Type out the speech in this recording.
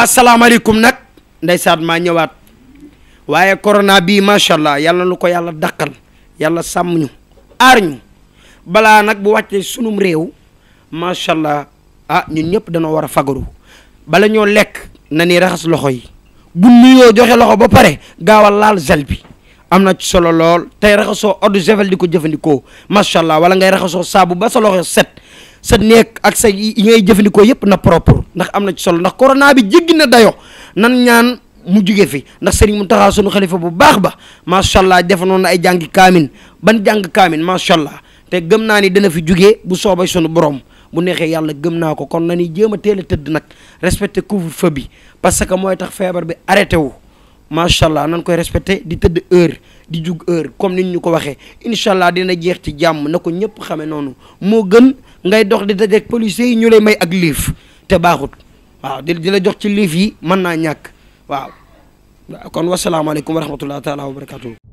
asalaamaaleykum nag ndeysaan maa ñëwaat waaye corona bii macha allah yàlla na lu ko yàlla daqal yàlla sàmm ñu aar ñu balaa nag bu wàccee sunum réew macha allah ah ñun ñëpp danoo war a fagaru bala ñoo lekk na ni raxas loxo yi bu nuyoo joxe loxo ba pare gaawal laal gel bi am na ci solo lool tey raxasoo eau de di ko jëfandikoo macha allah wala ngay raxasoo saabu ba sa loxo set. sa nekk ak sa yi ngay jëfandikoo yëpp na propre ndax am na ci solo ndax corona bi jéggi na dayo nan ñaan mu jugee fi ndax Serigne Mountakha sunu xalifa bu baax ba macha defanoon na ay jàng kaamin ban jàng kaamin macha allah te gëm naa ni dana fi jugee bu soobee sunu borom bu neexee yàlla gëm naa ko kon nañuy jéem a teel tëdd nag respecté couvre fa bi parce que mooy tax feebar bi arrêté wu. macha allah nan koy respecté di tëdd heure di jug heure comme nit ñu ko waxee incha allah dina jeex ci jàmm na ko ñëpp xamee noonu moo gën ngay dox di dajeeg policiers yi ñu lay may ak liif te baaxut waaw di di la jox ci liif yi mën naa ñàkk waaw kon wasalaamaaleykum wa rahmatullahi taala wa barakatuh